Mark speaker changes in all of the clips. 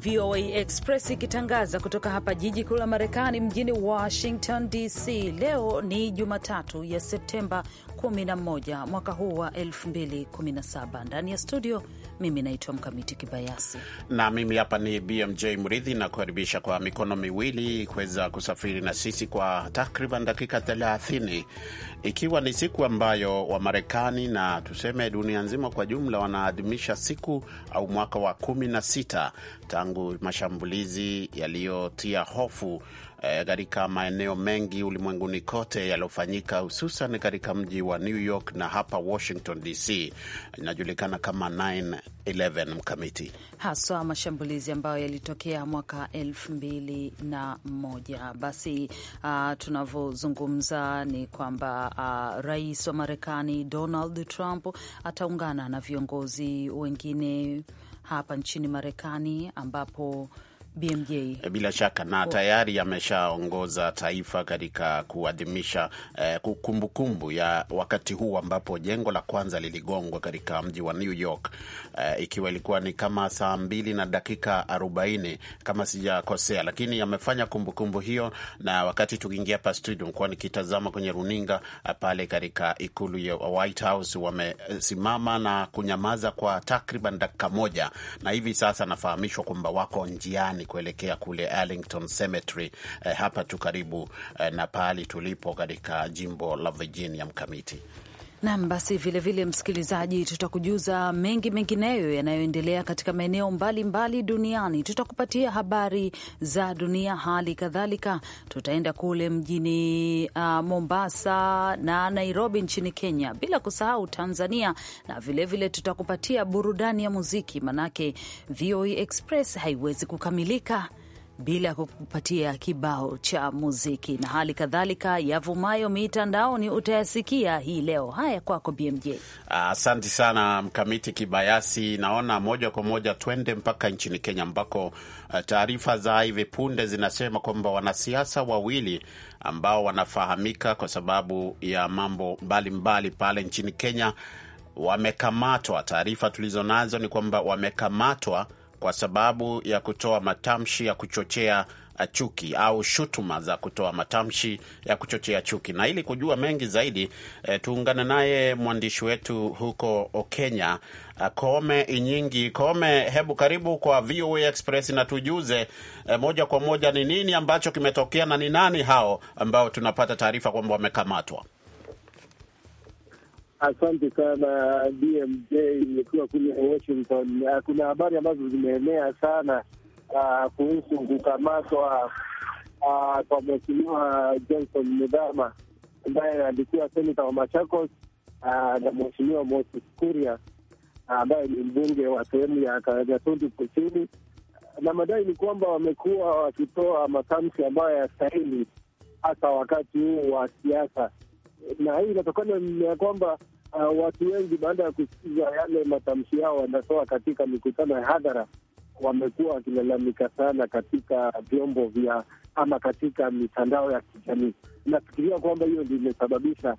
Speaker 1: VOA Express ikitangaza kutoka hapa jiji kuu la Marekani, mjini Washington DC. Leo ni Jumatatu ya Septemba 11 mwaka huu wa 2017. Ndani ya studio mimi naitwa Mkamiti Kibayasi
Speaker 2: na mimi hapa ni BMJ Mridhi, nakukaribisha kwa mikono miwili kuweza kusafiri na sisi kwa takriban dakika 30, ikiwa ni siku ambayo Wamarekani na tuseme dunia nzima kwa jumla wanaadhimisha siku au mwaka wa 16 tangu tangu mashambulizi yaliyotia hofu eh, katika e, maeneo mengi ulimwenguni kote yaliyofanyika hususan katika mji wa New York na hapa Washington DC, inajulikana kama 911 mkamiti,
Speaker 1: haswa mashambulizi ambayo yalitokea mwaka elfu mbili na moja. Basi uh, tunavyozungumza ni kwamba uh, rais wa Marekani Donald Trump ataungana na viongozi wengine hapa nchini Marekani ambapo BMJ.
Speaker 2: E, bila shaka na oh. tayari ameshaongoza taifa katika kuadhimisha eh, kumbukumbu ya wakati huu ambapo jengo la kwanza liligongwa katika mji wa New York eh, ikiwa ilikuwa ni kama saa mbili na dakika arobaini kama sijakosea, lakini amefanya kumbukumbu hiyo, na wakati tukiingia hapa studio nilikuwa nikitazama kwenye runinga e, pale katika ikulu ya White House, wamesimama na kunyamaza kwa takriban dakika moja, na hivi sasa nafahamishwa kwamba wako njiani Marekani kuelekea kule Arlington Cemetery, eh, hapa tu karibu eh, na pahali tulipo katika jimbo la Virginia mkamiti
Speaker 1: Nam, basi vilevile, msikilizaji, tutakujuza mengi mengineyo yanayoendelea katika maeneo mbalimbali duniani. Tutakupatia habari za dunia, hali kadhalika tutaenda kule mjini uh, Mombasa na Nairobi nchini Kenya, bila kusahau Tanzania, na vilevile vile tutakupatia burudani ya muziki, manake VOA e Express haiwezi kukamilika bila ya kibao cha muziki, na hali kadhalika yavumayo mitandaoni utayasikia hii leo. Haya, kwako BMJ.
Speaker 2: Asante uh, sana Mkamiti Kibayasi. Naona moja kwa moja twende mpaka nchini Kenya ambako uh, taarifa za hivi punde zinasema kwamba wanasiasa wawili ambao wanafahamika kwa sababu ya mambo mbalimbali mbali pale nchini Kenya wamekamatwa. Taarifa tulizo nazo ni kwamba wamekamatwa kwa sababu ya kutoa matamshi ya kuchochea uh, chuki au shutuma za kutoa matamshi ya kuchochea chuki. Na ili kujua mengi zaidi e, eh, tuungane naye mwandishi wetu huko Kenya, uh, Kome Inyingi. Kome, hebu karibu kwa VOA Express na tujuze e, moja kwa moja ni nini ambacho kimetokea na ni nani hao ambao tunapata taarifa kwamba wamekamatwa?
Speaker 3: Asante sana BMJ. imekiwa kule Washington, ah, kuna habari ambazo zimeenea sana uh, kuhusu kukamatwa uh, kwa Mheshimiwa Johnson Mudhama ambaye alikuwa seneta wa Machakos uh, na Mheshimiwa Moses Kuria ambaye uh, ni mbunge wa sehemu ya Nyathundi Kusini, na madai ni kwamba wamekuwa wakitoa matamshi ambayo yastahili hasa wakati huu wa siasa na hii inatokana ya kwamba uh, watu wengi baada ya kusikiza yale matamshi yao wanatoa katika mikutano ya hadhara, wamekuwa wakilalamika sana katika vyombo vya ama katika mitandao ya kijamii. Inafikiria kwamba hiyo ndio imesababisha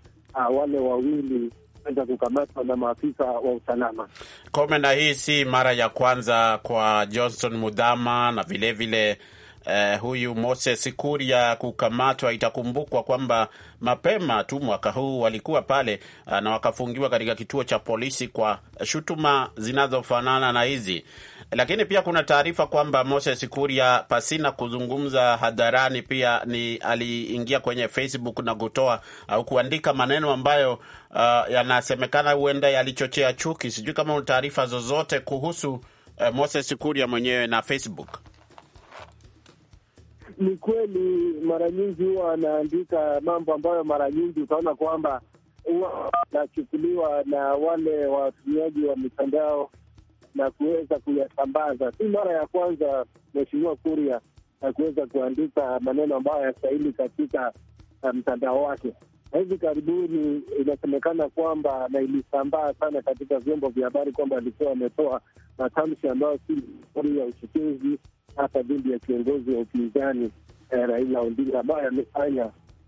Speaker 3: uh, wale wawili kuweza kukamatwa na maafisa wa usalama
Speaker 2: kome, na hii si mara ya kwanza kwa Johnson Mudhama na vilevile vile eh, huyu Moses Kuria kukamatwa. Itakumbukwa kwamba mapema tu mwaka huu walikuwa pale eh, na wakafungiwa katika kituo cha polisi kwa shutuma zinazofanana na hizi lakini pia kuna taarifa kwamba Moses Kuria pasina kuzungumza hadharani, pia ni aliingia kwenye Facebook na kutoa au kuandika maneno ambayo uh, yanasemekana huenda yalichochea chuki. Sijui kama taarifa zozote kuhusu uh, Moses Kuria mwenyewe na Facebook
Speaker 3: ni kweli, mara nyingi huwa anaandika mambo ambayo mara nyingi utaona kwamba huwa anachukuliwa na wale watumiaji wa mitandao na kuweza kuyasambaza. Si mara ya kwanza Mheshimiwa Kuria na kuweza kuandika maneno ambayo yastahili katika uh, mtandao wake. Na hivi karibuni inasemekana kwamba na ilisambaa sana katika vyombo vya habari kwamba alikuwa ametoa matamshi ambayo si ya uchochezi hasa dhidi ya kiongozi wa upinzani eh, Raila Odinga ambayo amefanya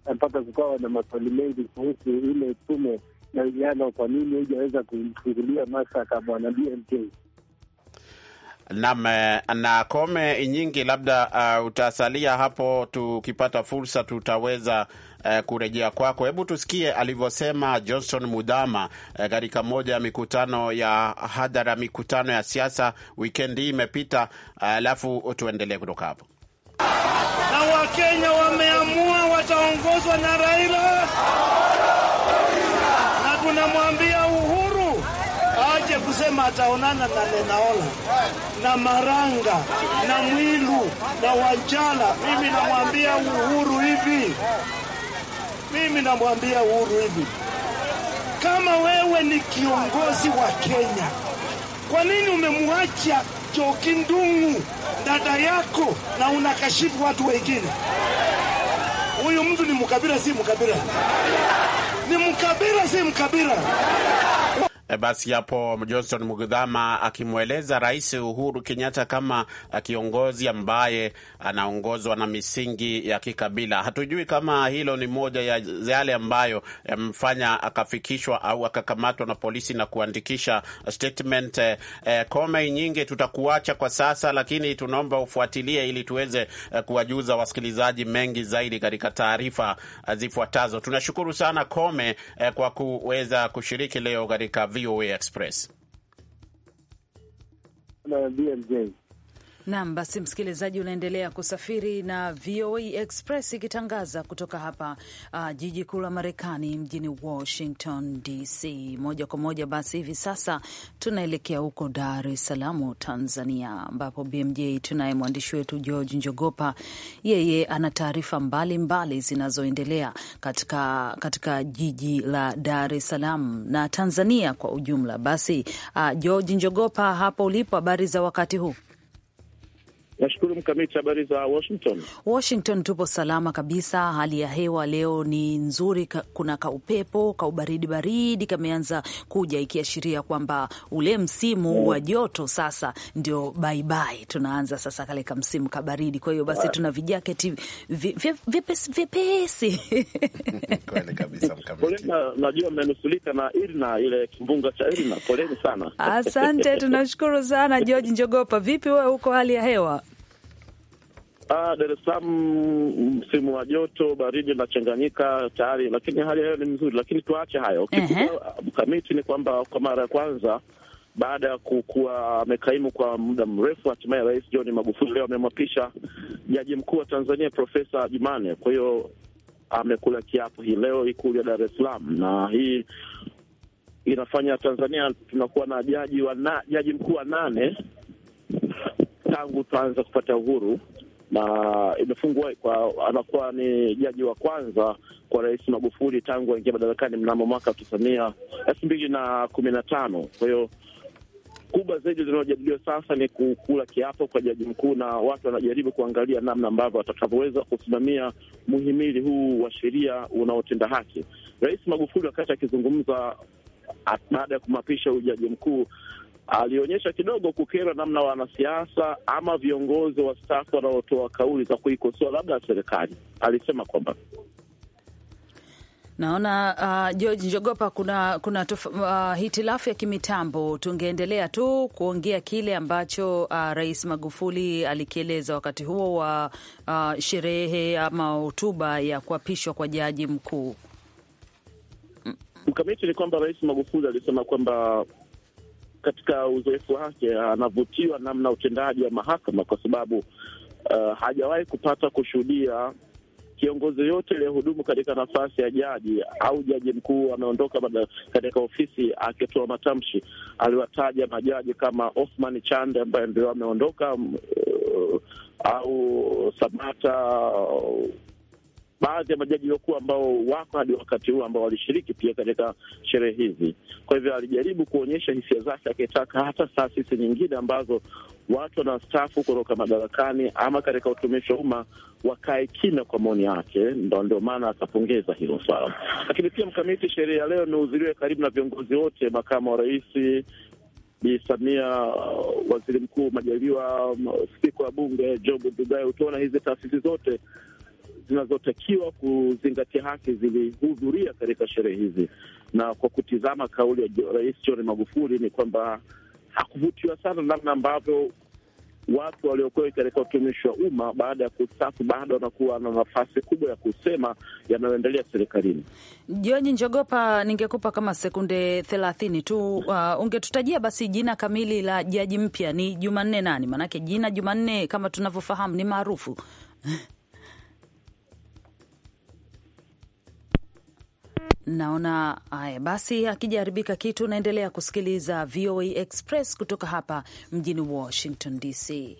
Speaker 3: eh, mpaka kukawa na maswali mengi kuhusu ile tume na vijana, kwa nini haijaweza kumfungulia mashtaka bwana BMK.
Speaker 2: Nam eh, na kome nyingi, labda uh, utasalia hapo, tukipata fursa tutaweza uh, kurejea kwako. Hebu tusikie alivyosema Johnson Mudhama eh, katika uh, moja ya mikutano ya hadhara, mikutano ya siasa wikendi hii imepita, alafu uh, tuendelee kutoka hapo.
Speaker 4: Na Wakenya wameamua wataongozwa na Raila kusema ataonana na Lenaola na Maranga na Mwilu na Wanjala. Mimi namwambia Uhuru hivi, mimi namwambia Uhuru hivi, kama wewe ni kiongozi wa Kenya, kwa nini umemwacha Njoki Ndung'u dada yako na unakashifu watu wengine? Huyu mtu ni mkabila, si mkabila? Ni mkabila,
Speaker 5: si mkabila?
Speaker 2: Eh, basi hapo Johnson Mugudhama akimweleza Rais Uhuru Kenyatta kama eh, kiongozi ambaye anaongozwa na misingi ya kikabila. Hatujui kama hilo ni moja ya yale ambayo eh, mfanya akafikishwa au akakamatwa na polisi na kuandikisha statement eh, kome nyingi. Tutakuacha kwa sasa, lakini tunaomba ufuatilie ili tuweze kuwajuza wasikilizaji mengi zaidi katika taarifa zifuatazo. Tunashukuru sana Kome eh, kwa kuweza kushiriki leo katika VOA Express
Speaker 3: na BMJ.
Speaker 1: Nam, basi msikilizaji, unaendelea kusafiri na VOA Express ikitangaza kutoka hapa uh, jiji kuu la Marekani, mjini Washington DC, moja kwa moja. Basi hivi sasa tunaelekea huko Dar es Salaam, Tanzania, ambapo BMJ tunaye mwandishi wetu George Njogopa. Yeye ana taarifa mbalimbali zinazoendelea katika, katika jiji la Dar es Salaam na Tanzania kwa ujumla. Basi uh, George Njogopa, hapo ulipo, habari za wakati huu?
Speaker 6: Nashukuru Mkamiti, habari za Washington?
Speaker 1: Washington tupo salama kabisa. Hali ya hewa leo ni nzuri, kuna kaupepo kaubaridi baridi kameanza kuja, ikiashiria kwamba ule msimu mm. wa joto sasa ndio baibai, tunaanza sasa kale ka msimu kabaridi. Kwa hiyo basi tuna vijaketi vyepesi vyepesi.
Speaker 6: najua mmenusulika na Irna, ile kimbunga cha Irna. Poleni sana. Asante, tunashukuru
Speaker 1: sana George Njogopa. Vipi wewe, huko hali ya hewa?
Speaker 6: Ah, Dar es Salaam msimu wa joto baridi inachanganyika tayari, lakini hali ya hewa ni nzuri, lakini tuache hayo. -huh. mkamiti ni kwamba kwa mara ya kwanza baada ya kukuwa amekaimu kwa muda mrefu, hatimaye Rais John Magufuli leo amemwapisha Jaji Mkuu wa Tanzania Profesa Jumane. Kwa hiyo amekula kiapo hii leo Ikulu ya Dar es Salaam, na hii inafanya Tanzania tunakuwa na jaji wa na, jaji mkuu wa nane tangu tuanze kupata uhuru na imefungwa kwa, anakuwa ni jaji wa kwanza kwa Rais Magufuli tangu aingia madarakani mnamo mwaka tisamia elfu mbili na kumi na tano. Kwa hiyo kubwa zaidi zinazojadiliwa sasa ni kukula kiapo kwa jaji mkuu, na watu wanajaribu kuangalia namna ambavyo watakavyoweza kusimamia muhimili huu wa sheria unaotenda haki. Rais Magufuli wakati akizungumza baada ya kumapisha ujaji jaji mkuu alionyesha kidogo kukera namna wanasiasa ama viongozi wastaafu wanaotoa kauli za kuikosoa labda serikali. Alisema kwamba
Speaker 1: naona uh, George Njogopa, kuna kuna tof, uh, hitilafu ya kimitambo. Tungeendelea tu kuongea kile ambacho uh, Rais Magufuli alikieleza wakati huo wa uh, sherehe ama hotuba ya kuapishwa kwa jaji mkuu
Speaker 6: mkamiti. Ni kwamba Rais Magufuli alisema kwamba katika uzoefu wake anavutiwa namna utendaji wa mahakama, kwa sababu uh, hajawahi kupata kushuhudia kiongozi yote aliyehudumu katika nafasi ya jaji au jaji mkuu ameondoka katika ofisi akitoa matamshi. Aliwataja majaji kama Othman Chande ambaye ndio ameondoka, uh, au Sabata uh, baadhi ya majaji wakuu ambao wako hadi wakati huu ambao walishiriki pia katika sherehe hizi. Kwa hivyo alijaribu kuonyesha hisia zake, akitaka hata taasisi nyingine ambazo watu wanastaafu kutoka madarakani ama katika utumishi wa umma wakae kimya kwa maoni yake, ndo ndio maana akapongeza hilo swala. Lakini pia mkamiti, sherehe ya leo imehudhuriwa karibu na viongozi wote, makamu wa rais Bi Samia, waziri mkuu Majaliwa, spika wa bunge Job Ndugai. Utaona hizi taasisi zote zinazotakiwa kuzingatia haki zilihudhuria katika sherehe hizi, na kwa kutizama kauli ya Rais John Magufuli ni kwamba hakuvutiwa sana namna ambavyo watu waliokuwa katika utumishi wa umma baada ya kustafu bado wanakuwa na nafasi kubwa ya kusema yanayoendelea serikalini.
Speaker 1: Joji Njogopa, ningekupa kama sekunde thelathini tu, uh, ungetutajia basi jina kamili la jaji mpya ni Jumanne nani? Maanake jina Jumanne kama tunavyofahamu ni maarufu Naona haya basi, akijaribika kitu. Naendelea kusikiliza VOA Express kutoka hapa mjini Washington DC.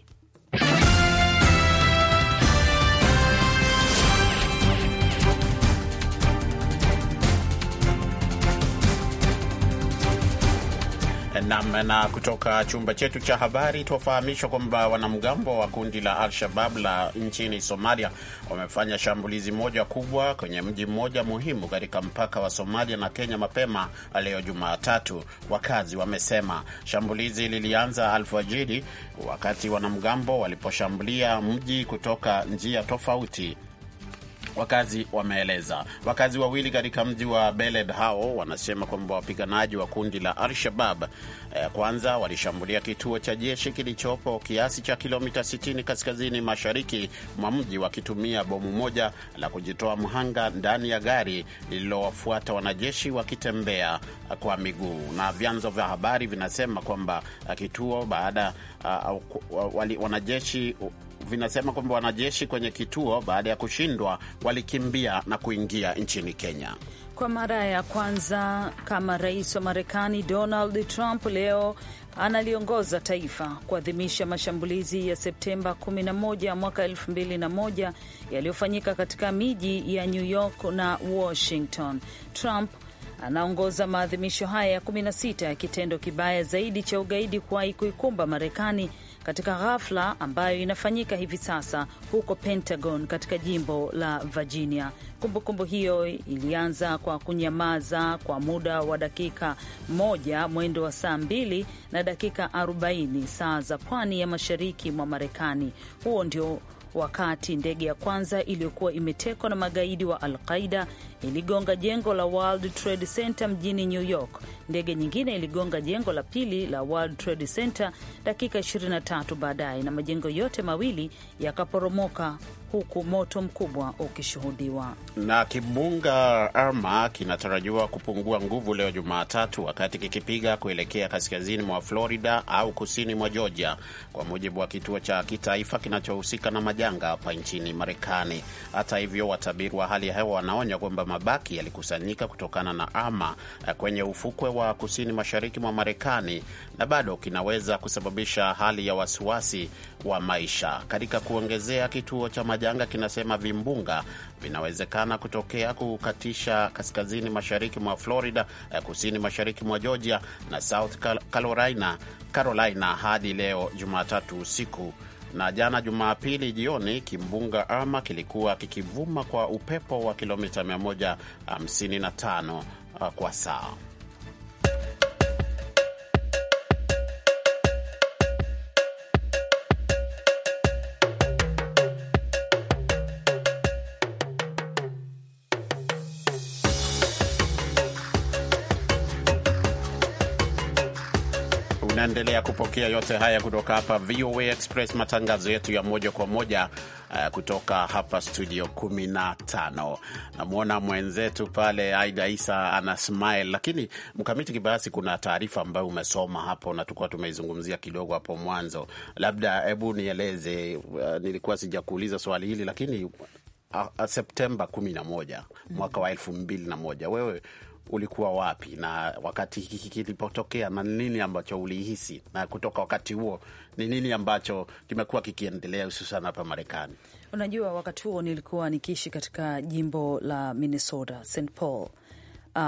Speaker 2: Nam. Na kutoka chumba chetu cha habari tuwafahamishwa kwamba wanamgambo wa kundi la Al-Shabab la nchini Somalia wamefanya shambulizi moja kubwa kwenye mji mmoja muhimu katika mpaka wa Somalia na Kenya mapema leo Jumatatu, wakazi wamesema. Shambulizi lilianza alfajiri wakati wanamgambo waliposhambulia mji kutoka njia tofauti wakazi wameeleza. Wakazi wawili katika mji wa Beled hao wanasema kwamba wapiganaji wa kundi la Al-Shabab eh, kwanza walishambulia kituo cha jeshi kilichopo kiasi cha kilomita 60 kaskazini mashariki mwa mji wakitumia bomu moja la kujitoa mhanga ndani ya gari lililowafuata wanajeshi wakitembea kwa miguu, na vyanzo vya habari vinasema kwamba eh, kituo baada uh, wali, wanajeshi vinasema kwamba wanajeshi kwenye kituo baada ya kushindwa walikimbia na kuingia nchini Kenya.
Speaker 1: Kwa mara ya kwanza kama rais wa Marekani Donald Trump leo analiongoza taifa kuadhimisha mashambulizi ya Septemba 11 mwaka 2001 yaliyofanyika katika miji ya New York na Washington. Trump anaongoza maadhimisho haya ya 16 ya kitendo kibaya zaidi cha ugaidi kuwahi kuikumba Marekani katika ghafla ambayo inafanyika hivi sasa huko Pentagon katika jimbo la Virginia. Kumbukumbu kumbu hiyo ilianza kwa kunyamaza kwa muda wa dakika moja mwendo wa saa mbili na dakika 40 saa za pwani ya mashariki mwa Marekani. Huo ndio wakati ndege ya kwanza iliyokuwa imetekwa na magaidi wa Al-Qaida iligonga jengo la World Trade Center mjini New York. Ndege nyingine iligonga jengo la pili la World Trade Center dakika 23 baadaye, na majengo yote mawili yakaporomoka huku moto mkubwa ukishuhudiwa.
Speaker 2: Na kimbunga Irma kinatarajiwa kupungua nguvu leo Jumatatu, wakati kikipiga kuelekea kaskazini mwa Florida au kusini mwa Georgia, kwa mujibu wa kituo cha kitaifa kinachohusika na majanga hapa nchini Marekani. Hata hivyo, watabiri wa hali ya hewa wanaonya kwamba mabaki yalikusanyika kutokana na Irma kwenye ufukwe wa kusini mashariki mwa Marekani na bado kinaweza kusababisha hali ya wasiwasi wa maisha. Katika kuongezea, kituo cha janga kinasema vimbunga vinawezekana kutokea kukatisha kaskazini mashariki mwa Florida, eh, kusini mashariki mwa Georgia na South Carolina, Carolina hadi leo Jumatatu usiku na jana Jumapili jioni kimbunga Irma kilikuwa kikivuma kwa upepo wa kilomita 155 eh, kwa saa. Unaendelea kupokea yote haya kutoka hapa VOA Express, matangazo yetu ya moja kwa moja uh, kutoka hapa studio 15. Namwona mwenzetu pale Aida Isa ana smile, lakini Mkamiti Kibayasi, kuna taarifa ambayo umesoma hapo na tukuwa tumeizungumzia kidogo hapo mwanzo. Labda hebu nieleze, uh, nilikuwa sijakuuliza swali hili, lakini ah, ah, Septemba 11 mwaka wa mm. elfu mbili na moja wewe ulikuwa wapi na wakati hiki kilipotokea, na nini ambacho ulihisi, na kutoka wakati huo ni nini ambacho kimekuwa kikiendelea hususan hapa Marekani?
Speaker 1: Unajua, wakati huo nilikuwa nikiishi katika jimbo la Minnesota, St Paul. Uh,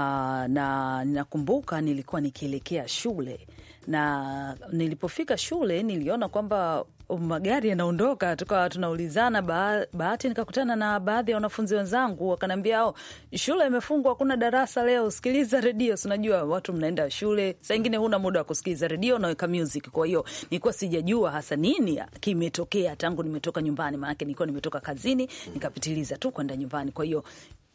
Speaker 1: na ninakumbuka nilikuwa nikielekea shule na nilipofika shule niliona kwamba Um, magari yanaondoka, tukawa tunaulizana bahati nikakutana na baadhi ya wanafunzi wenzangu wakaniambia, oh, shule imefungwa, hakuna darasa leo, sikiliza redio. sinajua watu mnaenda shule, saa ingine huna muda wa kusikiliza redio, naweka music. Kwa hiyo nilikuwa sijajua hasa nini kimetokea tangu nimetoka nyumbani, maanake nilikuwa nimetoka kazini nikapitiliza tu kwenda nyumbani, kwa hiyo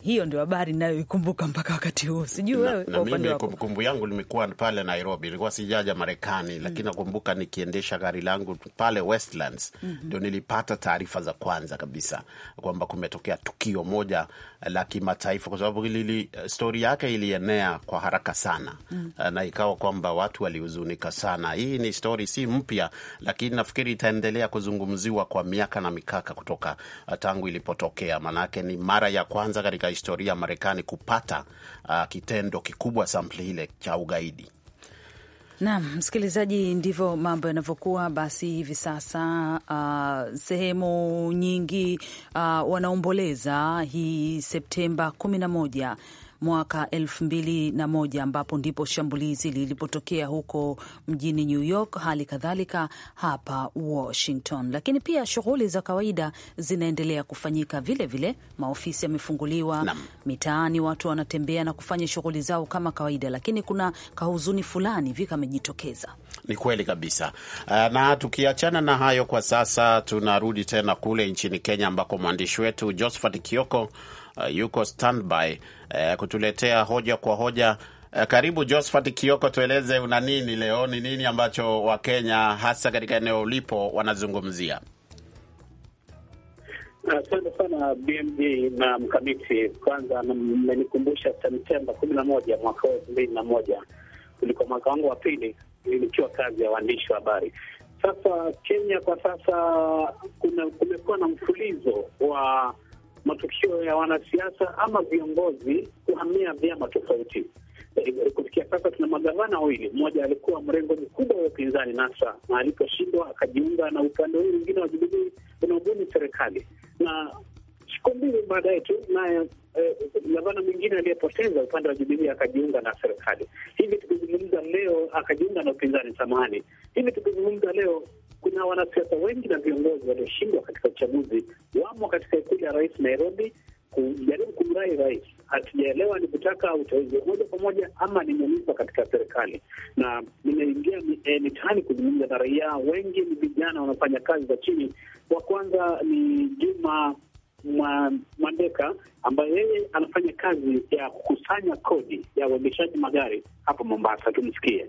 Speaker 1: hiyo ndio habari nayoikumbuka mpaka wakati huu, sijui wewe. Na mimi kumbukumbu
Speaker 2: yangu limekuwa pale Nairobi, ilikuwa sijaja Marekani mm. Lakini nakumbuka nikiendesha gari langu pale Westlands mm-hmm. ndio mm -hmm. Nilipata taarifa za kwanza kabisa kwamba kumetokea tukio moja la kimataifa, kwa sababu ili stori yake ilienea kwa haraka sana mm. Eh, na ikawa kwamba watu walihuzunika sana. Hii ni stori si mpya, lakini nafikiri itaendelea kuzungumziwa kwa miaka na mikaka kutoka eh, tangu ilipotokea, maanake ni mara ya kwanza katika historia Marekani kupata uh, kitendo kikubwa sampli ile cha ugaidi.
Speaker 1: Naam, msikilizaji, ndivyo mambo yanavyokuwa. Basi hivi sasa uh, sehemu nyingi uh, wanaomboleza hii Septemba kumi na moja mwaka elfu mbili na moja ambapo ndipo shambulizi lilipotokea huko mjini New York, hali kadhalika hapa Washington. Lakini pia shughuli za kawaida zinaendelea kufanyika vilevile vile, maofisi yamefunguliwa mitaani, watu wanatembea na kufanya shughuli zao kama kawaida, lakini kuna kahuzuni fulani vika amejitokeza.
Speaker 2: Ni kweli kabisa. Eh, na tukiachana na hayo kwa sasa, tunarudi tena kule nchini Kenya ambako mwandishi wetu Josephat Kioko uh, yuko standby uh, kutuletea hoja kwa hoja. Uh, karibu Josephat Kioko, tueleze una nini leo, ni nini ambacho Wakenya hasa katika eneo ulipo wanazungumzia?
Speaker 7: Asante sana BMJ na mkamiti. Kwanza mmenikumbusha Septemba kumi na moja mwaka wa elfu mbili na moja ulikuwa mwaka wangu wa pili nilikiwa kazi ya waandishi wa habari. Sasa Kenya kwa sasa kumekuwa na mfulizo wa matukio ya wanasiasa ama viongozi kuhamia vyama tofauti. Kufikia sasa tuna magavana wawili, mmoja alikuwa mrengo mkubwa wa upinzani NASA na aliposhindwa akajiunga na upande huu mwingine wa Jubilii unaobuni serikali, na siku mbili baadaye tu naye eh, gavana mwingine aliyepoteza upande wa Jubilii akajiunga na serikali. Hivi tukizungumza leo, akajiunga na upinzani, samahani. Hivi tukizungumza leo kuna wanasiasa wengi na viongozi walioshindwa katika uchaguzi wamo katika ikulu ya rais Nairobi kujaribu kumrai rais. Hatujaelewa ni kutaka uteuzi wa moja kwa moja ama ni muunizwa katika serikali. Na nimeingia eh, mitaani kuzungumza na raia wengi, ni vijana wanaofanya kazi za chini. Wa kwanza ni Juma Mwandeka ambaye yeye anafanya kazi ya kukusanya kodi ya uendeshaji magari hapa Mombasa. Tumsikie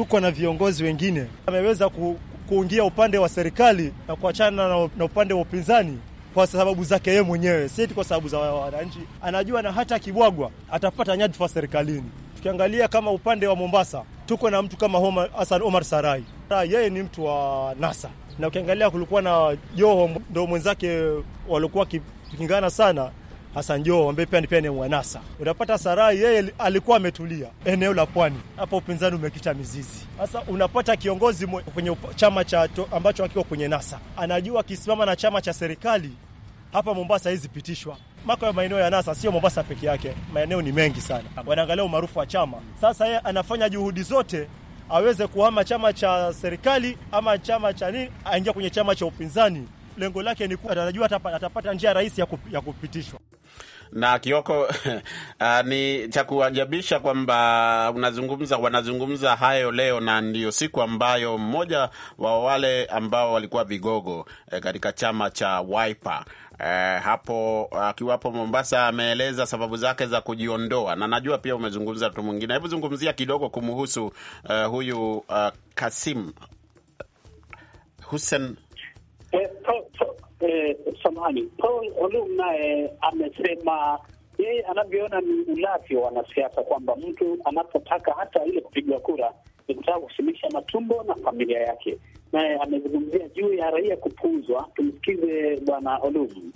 Speaker 4: tuko na viongozi wengine ameweza ku, kuingia upande wa serikali na kuachana na, na upande wa upinzani kwa sababu zake yeye mwenyewe, si kwa sababu za wananchi. Anajua na hata akibwagwa atapata nyadhifa serikalini. Tukiangalia kama upande wa Mombasa, tuko na mtu kama Hassan Omar Sarai, yeye ni mtu wa NASA, na ukiangalia kulikuwa na Joho ndo mwenzake walikuwa wakipingana sana Hassan Joho ambaye pia ni pia ni mwanasa. Unapata Sarai yeye alikuwa ametulia eneo la pwani, hapa upinzani umekita mizizi. Sasa unapata kiongozi mwe, kwenye chama cha ambacho akiwa kwenye NASA anajua akisimama na chama cha serikali hapa Mombasa haizi pitishwa mako ya maeneo ya NASA sio Mombasa peke yake, maeneo ni mengi sana, wanaangalia umaarufu wa chama. Sasa yeye anafanya juhudi zote aweze kuhama chama cha serikali ama chama cha nini, aingia kwenye chama cha upinzani lengo lake ni kuwa atajua atapata njia rahisi ya kupitishwa
Speaker 2: na Kioko uh, ni cha kuajabisha kwamba unazungumza wanazungumza hayo leo, na ndio siku ambayo mmoja wa wale ambao walikuwa vigogo eh, katika chama cha Wiper eh, hapo akiwapo uh, Mombasa ameeleza sababu zake za kujiondoa, na najua pia umezungumza mtu mwingine. Hebu zungumzia kidogo kumhusu uh, eh, huyu uh, Kasim Hussein
Speaker 7: eh, Paul eh, Olum naye amesema yeye anavyoona ni ulafi wa wanasiasa kwamba mtu anapotaka hata ile kupigwa kura ni kutaka kusimisha matumbo na familia yake. Naye amezungumzia juu ya raia kupuuzwa. Tumsikize bwana Olum.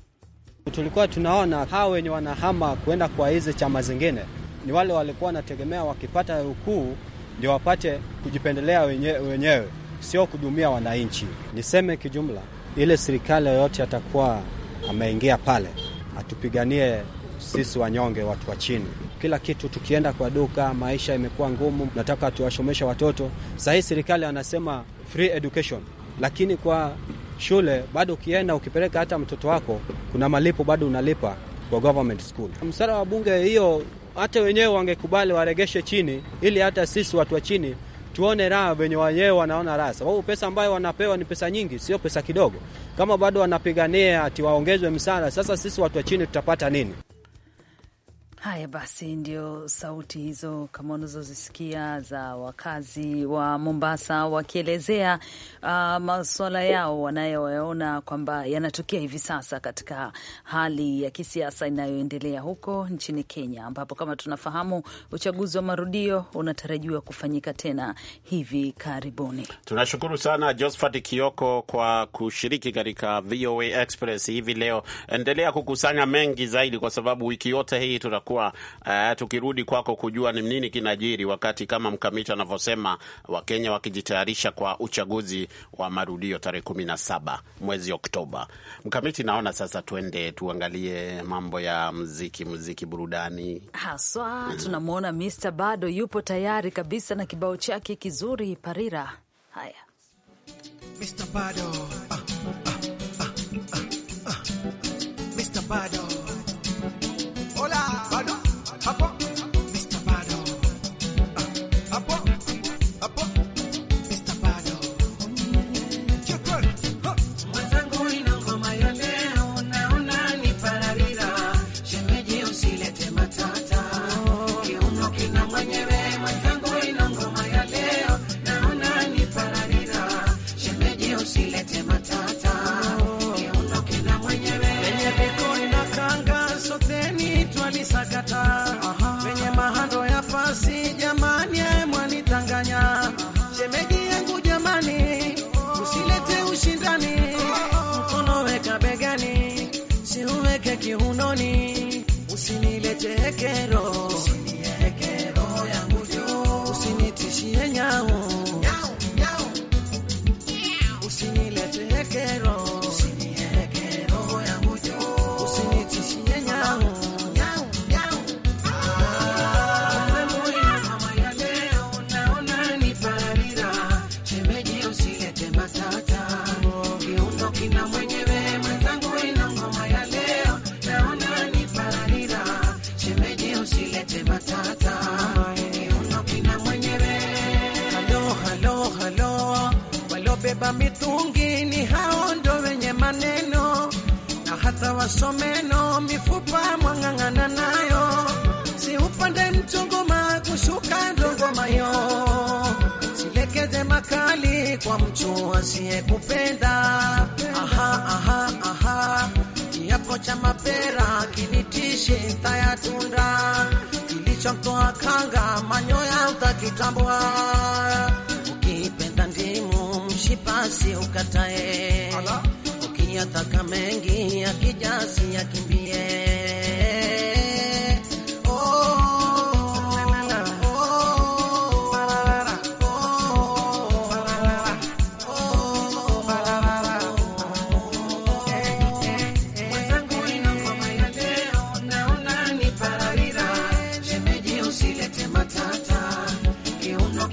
Speaker 5: Tulikuwa tunaona hawa wenye wanahama kuenda kwa hizi chama zingine ni wale walikuwa wanategemea wakipata ukuu ndio wapate kujipendelea wenyewe, wenyewe sio kudumia wananchi. Niseme kijumla ile serikali yoyote atakuwa ameingia pale, atupiganie sisi wanyonge, watu wa chini. Kila kitu tukienda kwa duka, maisha imekuwa ngumu, nataka tuwashomesha watoto. Sahii serikali anasema free education, lakini kwa shule bado ukienda, ukipeleka hata mtoto wako, kuna malipo bado unalipa kwa government school. Msara wa bunge hiyo, hata wenyewe wangekubali waregeshe chini, ili hata sisi watu wa chini tuone raha venye wenyewe wanaona raha, sababu pesa ambayo wanapewa ni pesa nyingi, sio pesa kidogo. Kama bado wanapigania ati waongezwe msara, sasa sisi watu wa chini tutapata nini?
Speaker 1: Haya basi, ndio sauti hizo kama unazozisikia za wakazi wa Mombasa wakielezea uh, masuala yao wanayoyaona kwamba yanatokea hivi sasa katika hali ya kisiasa inayoendelea huko nchini Kenya, ambapo kama tunafahamu uchaguzi wa marudio unatarajiwa kufanyika tena hivi karibuni.
Speaker 2: Tunashukuru sana Josphat Kioko kwa kushiriki katika VOA Express hivi leo. Endelea kukusanya mengi zaidi, kwa sababu wiki yote hii tutakuwa tutakuwa uh, eh, tukirudi kwako kujua ni nini kinajiri, wakati kama mkamiti anavyosema Wakenya wakijitayarisha kwa uchaguzi wa marudio tarehe kumi na saba mwezi Oktoba. Mkamiti, naona sasa tuende tuangalie mambo ya mziki, mziki burudani
Speaker 1: haswa. Tunamwona Mr bado yupo tayari kabisa na kibao chake kizuri Parira. Haya,
Speaker 8: Mr bado, uh, uh, uh, uh, uh, Mr bado money. wanaobeba mitungi ni hao ndo wenye maneno, na hata wasomeno mifupa mwang'ang'ana nayo, si upande Mchongoma kushuka Dodoma mayo silekeze makali kwa mtu kupenda. Aha, aha, aha, kiapo cha mapera kinitishe ntayatunda kilichomtoa kanga manyoya utakitambua basi ukatae, ukiyataka mengi ya kijasi ya kimbie. Oh, oh, oh,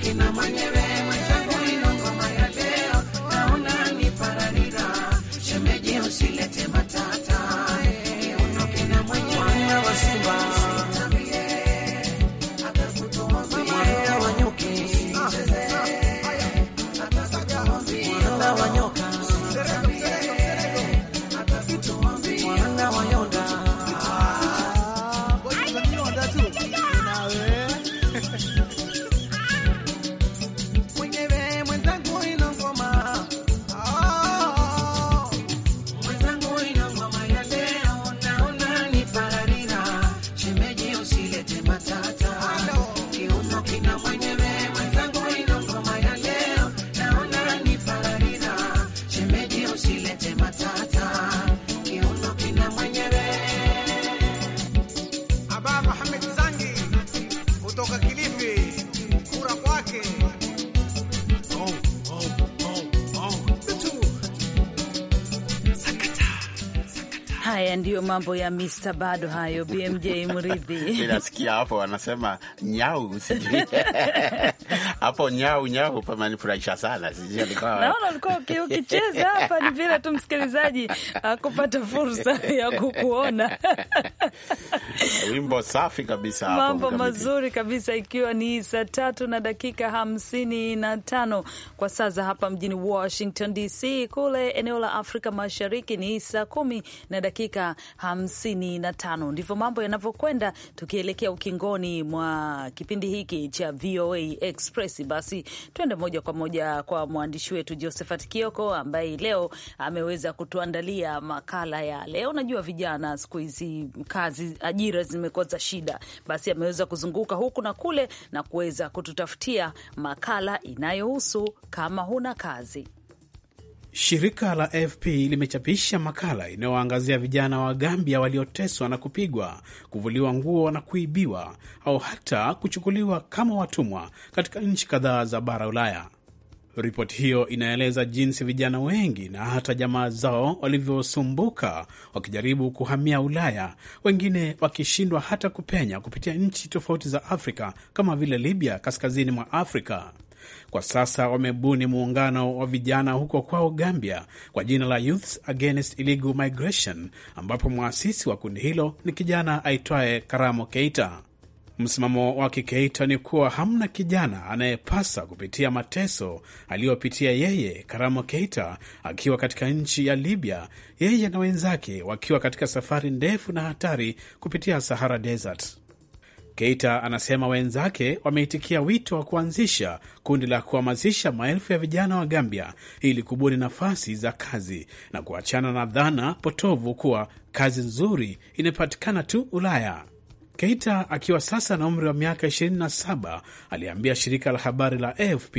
Speaker 8: kina manyewe Baba Mohamed Zangi kutoka Kilifi, kura kwake. Oh, oh,
Speaker 3: oh,
Speaker 1: Haya ndiyo mambo ya Mr. bado hayo BMJ Mridhi. Nasikia
Speaker 2: hapo wanasema nyau sijui hapo nyau nyau pamanifurahisha sana. Naona
Speaker 1: ulikuwa ukicheza hapa, ni vile tu msikilizaji akupata fursa ya kukuona
Speaker 2: wimbo safi kabisa, mambo mazuri
Speaker 1: kabisa, ikiwa ni saa tatu na dakika hamsini na tano kwa saa za hapa mjini Washington DC. Kule eneo la Afrika Mashariki ni saa kumi na dakika hamsini na tano. Ndivyo mambo yanavyokwenda tukielekea ukingoni mwa kipindi hiki cha VOA Express Express. Basi twende moja kwa moja kwa mwandishi wetu Josephat Kioko ambaye leo ameweza kutuandalia makala ya leo. Najua vijana siku hizi kazi, ajira zimekuwa za shida, basi ameweza kuzunguka huku na kule na kuweza kututafutia makala inayohusu kama huna kazi.
Speaker 9: Shirika la AFP limechapisha makala inayoangazia vijana wa Gambia walioteswa na kupigwa, kuvuliwa nguo na kuibiwa au hata kuchukuliwa kama watumwa katika nchi kadhaa za bara Ulaya. Ripoti hiyo inaeleza jinsi vijana wengi na hata jamaa zao walivyosumbuka wakijaribu kuhamia Ulaya, wengine wakishindwa hata kupenya kupitia nchi tofauti za Afrika kama vile Libya, kaskazini mwa Afrika. Kwa sasa wamebuni muungano wa vijana huko kwao Gambia kwa jina la Youths Against Illegal Migration, ambapo mwasisi wa kundi hilo ni kijana aitwaye Karamo Keita. Msimamo wake Keita ni kuwa hamna kijana anayepasa kupitia mateso aliyopitia yeye Karamo Keita akiwa katika nchi ya Libya, yeye na wenzake wakiwa katika safari ndefu na hatari kupitia Sahara Desert. Keita anasema wenzake wameitikia wito wa kuanzisha kundi la kuhamasisha maelfu ya vijana wa Gambia ili kubuni nafasi za kazi na kuachana na dhana potovu kuwa kazi nzuri inapatikana tu Ulaya. Keita akiwa sasa na umri wa miaka 27 aliambia shirika la habari la AFP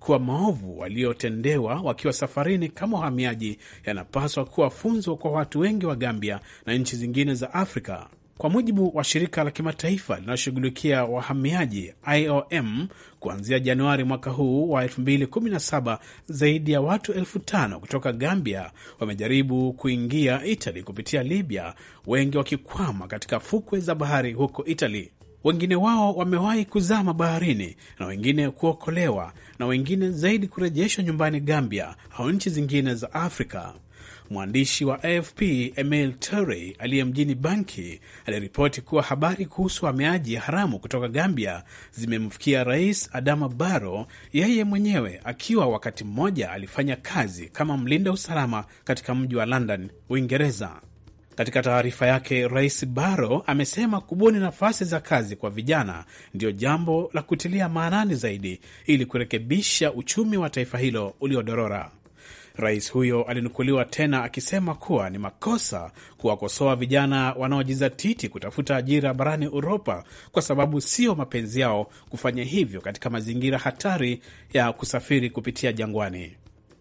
Speaker 9: kuwa maovu waliotendewa wakiwa safarini kama wahamiaji yanapaswa kuwa funzo kwa watu wengi wa Gambia na nchi zingine za Afrika. Kwa mujibu wa shirika la kimataifa linaloshughulikia wahamiaji IOM, kuanzia Januari mwaka huu wa 2017 zaidi ya watu elfu tano kutoka Gambia wamejaribu kuingia Itali kupitia Libya, wengi wakikwama katika fukwe za bahari huko Itali. Wengine wao wamewahi kuzama baharini na wengine kuokolewa na wengine zaidi kurejeshwa nyumbani Gambia au nchi zingine za Afrika. Mwandishi wa AFP Emil Turey aliye mjini Banki aliripoti kuwa habari kuhusu wahamiaji haramu kutoka Gambia zimemfikia Rais Adama Barrow, yeye mwenyewe akiwa wakati mmoja alifanya kazi kama mlinda usalama katika mji wa London, Uingereza. Katika taarifa yake, Rais Barrow amesema kubuni nafasi za kazi kwa vijana ndiyo jambo la kutilia maanani zaidi ili kurekebisha uchumi wa taifa hilo uliodorora. Rais huyo alinukuliwa tena akisema kuwa ni makosa kuwakosoa vijana wanaojizatiti kutafuta ajira barani Uropa kwa sababu sio mapenzi yao kufanya hivyo katika mazingira hatari ya kusafiri kupitia jangwani.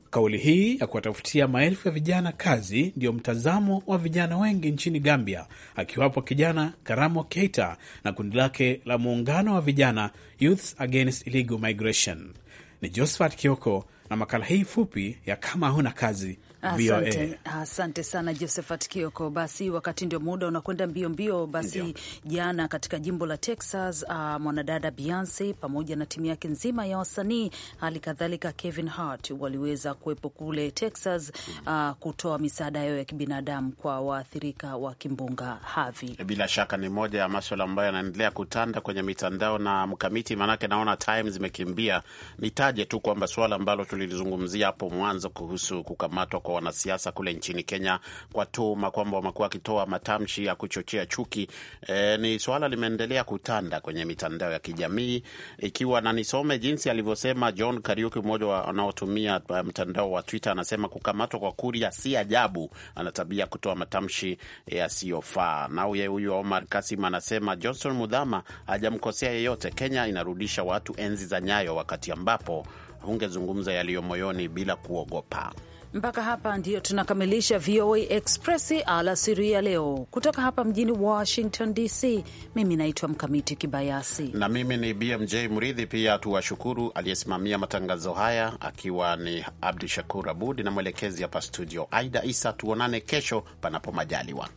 Speaker 9: Kauli hii ya kuwatafutia maelfu ya vijana kazi ndiyo mtazamo wa vijana wengi nchini Gambia, akiwapo kijana Karamo Keita na kundi lake la muungano wa vijana Youths Against Illegal Migration. Ni Josephat Kioko na makala hii fupi ya kama huna kazi Asante,
Speaker 1: asante sana Josephat Kioko. Basi wakati ndio muda unakwenda mbio mbio. Basi Ndiyo. Jana katika jimbo la Texas, uh, mwanadada Beyonce pamoja na timu yake nzima ya wasanii hali kadhalika Kevin Hart waliweza kuwepo kule Texas, mm-hmm. uh, kutoa misaada yao ya kibinadamu kwa waathirika wa kimbunga Harvey.
Speaker 2: E, bila shaka ni moja ya maswala ambayo yanaendelea kutanda kwenye mitandao na mkamiti, maanake naona time zimekimbia. Nitaje tu kwamba suala ambalo tulilizungumzia hapo mwanzo kuhusu kukamatwa kwa kwa wanasiasa kule nchini Kenya kwa tuhuma kwamba wamekuwa wakitoa matamshi ya kuchochea chuki. E, ni swala limeendelea kutanda kwenye mitandao ya kijamii ikiwa na nisome jinsi alivyosema John Kariuki, mmoja wanaotumia um, mtandao wa Twitter, anasema kukamatwa kwa Kuria si ajabu, ana tabia kutoa matamshi yasiyofaa. Nauye huyu Omar Kasim anasema Johnson Mudhama hajamkosea yeyote. Kenya inarudisha watu enzi za Nyayo, wakati ambapo hungezungumza yaliyo moyoni bila kuogopa.
Speaker 1: Mpaka hapa ndiyo tunakamilisha VOA Express alasiri ya leo, kutoka hapa mjini Washington DC. Mimi naitwa Mkamiti Kibayasi
Speaker 2: na mimi ni BMJ Mridhi. Pia tuwashukuru aliyesimamia matangazo haya akiwa ni Abdu Shakur Abud na mwelekezi hapa studio Aida Isa. Tuonane kesho panapo majaliwa.